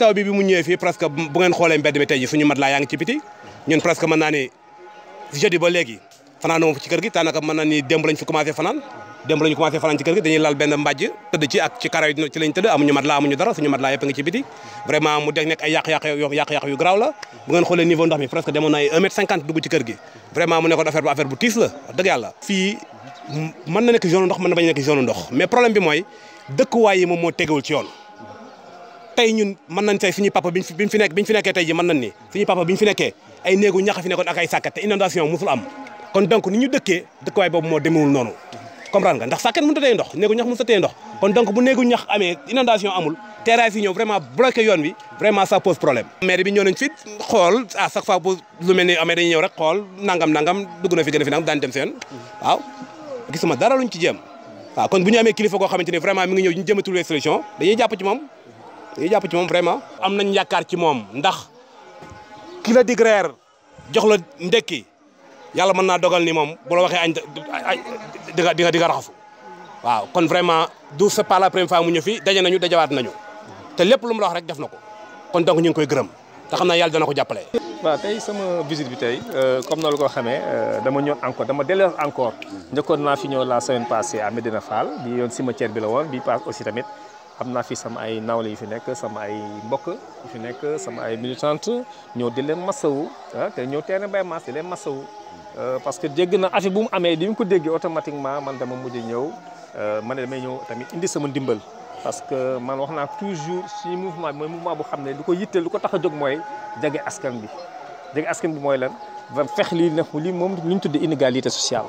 taw bi bi mu ñëw fi presque bu ngeen xolé mbéd bi tey ji suñu mat la yaangi ci biti ñun presque mën naa ni jeudi ba légui fanan moom ci kër gi tanaka mën naa ni démb lañ fi commencé fanaan démb lañ commencé fanaan ci kër gi dañuy lal benn mbajj teud ci ak ci karaw ci lañ teud amuñu mat la amuñu dara suñu mat la yépp nga ci biti vraiment mu def nek ay yak yàq yak yak yu graw la bu ngeen xolé niveau ndox mi presque demo na 1 m 50 dugg ci kër gi vraiment mu ko affaire bu affaire bu tiss la wax yalla fi man na nek zone ndox man na bañ nek zone ndox mais problème bi mooy dëkkuwaay yi mo mo téggul ci yoon tey ñun mën nañ tey suñu fi biñ fi biñ fi nekkee ji mën nañ ni suñu papa biñ fi ay néegu ñax fi nekkoon ay sàkkat te inondation musul am kon donc ni ñu dëkkee dëkkuwaay boobu moo demewul noonu comprendre nga ndax sàkkat mënut a téye ndox néegu ñax mënut a téye ndox kon donc bu néegu ñax amee inondation amul terrasse yi ñëw vraiment bloqué yoon wi vraiment ça pose problème maire bi ñëw nañ fi xool à chaque fois bu lu ni amee dañuy ñëw rek xool nangam nangam na fi gën a fi nangam dañuy jàpp ci moom vraiment. am nañ yaakaar ci moom ndax ki la dig jox la ndekki yàlla man naa dogal ni moom bu waxee añ di nga di nga di nga raxasu waaw kon vraiment du c'est pas la mu ñu fi daje nañu dajawaat nañu te lépp lu mu wax rek def na ko kon donc ñu ngi koy gërëm te xam naa yàlla dana ko jàppale. waaw tey sama visite bi tey euh, comme na lu ko xamee euh, dama ñëw encore dama delluwaat encore njëkkoon naa fi ñëw la semaine passée à Medina Fall bi yoon cimetière bi la woon bi passe tamit. am naa fi sama ay nawle yu fi nekk sama ay mbokk yu fi nekk sama ay militante ñëw di leen masawu ah, te ñëw teel a bay mas di leen masawu euh, parce que dégg na affaire bu mu amee di nga ko déggee automatiquement man dama mujj ñëw euh, man ne damay ñëw tamit indi sama ndimbal. parce que man wax naa toujours si mouvement bi mooy mouvement bu xam ne lu ko yitteel lu ko tax a jóg mooy jege askan bi jege askan bi mooy lan fex lii nag lii moom lu ñu tuddee inégalité sociale.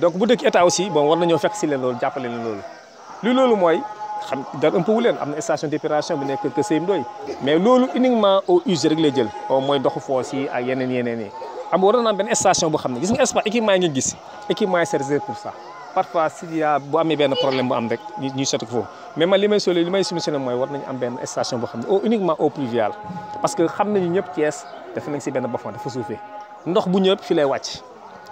donc bu dëkk état aussi bon war nañoo fekk si leen loolu jàppale leen loolu li loolu xam dara ëmp wu leen am na station d'épuration bi nekk Kër Seyim Ndoye mais loolu uniquement au usées rek lay jël mooy ndoxu foos yi ak yeneen yeneen yi am war na am benn station boo xam gis nga espace équipement yi nga gis équipement yi réservé pour ça parfois s'il y a bu amé ben problème bu am rek ñuy sotti ko foofu mais ma limay may limay li moy war nañu am ben station boo xam au uniquement au pluviale parce que xam nañu ñëpp Thiès dafa nañ ci ben bofon dafa suufee ndox bu ñëpp fi lay wàcc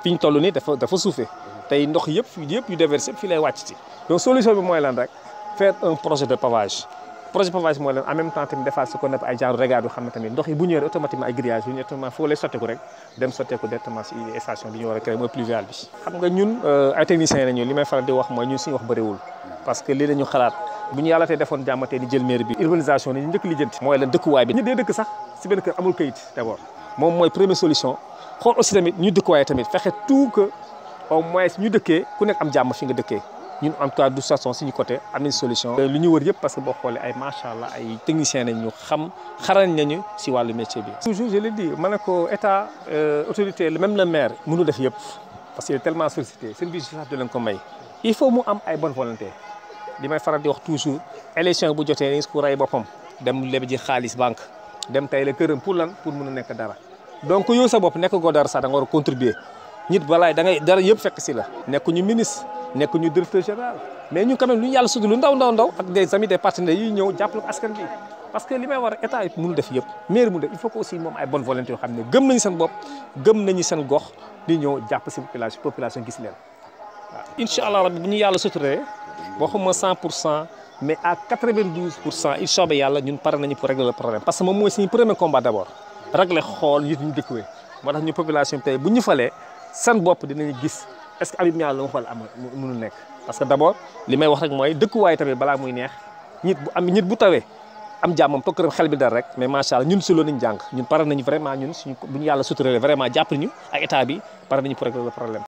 fi ñu toll dafa dafa suufee tay ndox yëpp yëpp yu déversé fii lay wàcc ci donc solution bi mooy lan rek faire un projet de pavage projet pavage mooy lan en même temps tamit defaat su ko nepp ay genre regard yu xam ne tamit ndox yi bu ñëwee automatiquement ay grillage yu automatiquement foo lay sotteeku rek dem sotteeku directement si station bi ñu war a créé mooy pluvial bi xam nga ñun euh, ay techniciens nañu li may faral di wax mooy ñun suñu wax bëriwul parce que lii la ñu xalaat bu ñu yàlla tey defoon jàmmatee ni jël maire bi urbanisation ni ñu njëkk lijjanti mooy lan dëkkuwaay bi ñu dee dëkk sax si benn kër amul kayit d' abord moom mooy première solution xool aussi tamit ñu dëkkuwaay tamit fexe tout que au moins ñu dëkkee ku nekk am jàmm fi nga dëkkee ñun en tout cas du façon suñu côté am nañ solution. Euh, lu ñu wër yëpp parce que boo xoolee ay macha allah ay techniciens nañ ñu xam xarañ nañu si wàllu métier bi. toujours je le dis ma ne ko état euh, autorité même le maire def yëpp parce que tellement sollicité service sax du leen ko may il faut mu am ay bonne volonté li may faral di wax toujours élection bu jotee nii ku rey dem leb ji xaalis banque dem tay la këram pour lan pour mun a nekk dara donc yow sa bopp nekk goo dara sax da nga war a contribuer nit balaay da ngay dara yëpp fekk si la nekkuñu ministre nekkuñu directeur général mais ñu quand lu ñu yàlla sudu ndaw ndaw ndaw ak des amis des partenaires yi ñëw jàppale ko parce que li may war état yi def yëpp maire mu def il faut que aussi moom ay bonne volonté xam ne gëm nañu seen bopp gëm nañu seen gox di ñëw jàpp si population gis leen waaw allah rabbi bu ñu yàlla suturee waxuma pour cent mais à il soobee yàlla ñun pare nañu pour régler le seen bopp dinañu gis est-ce que Habib Niang la ma xool am mënul nekk. parce que d'abord li may wax rek mooy dëkkuwaay tamit balaa muy neex nit bu am nit bu tawee am jàmmam toog këram xel bi dal rek mais macha allah ñun si loolu ñu jàng ñun pare nañu vraiment ñun suñu bu ñu yàlla suturale vraiment jàpp nañu ak état bi pare nañu pour régler le problème.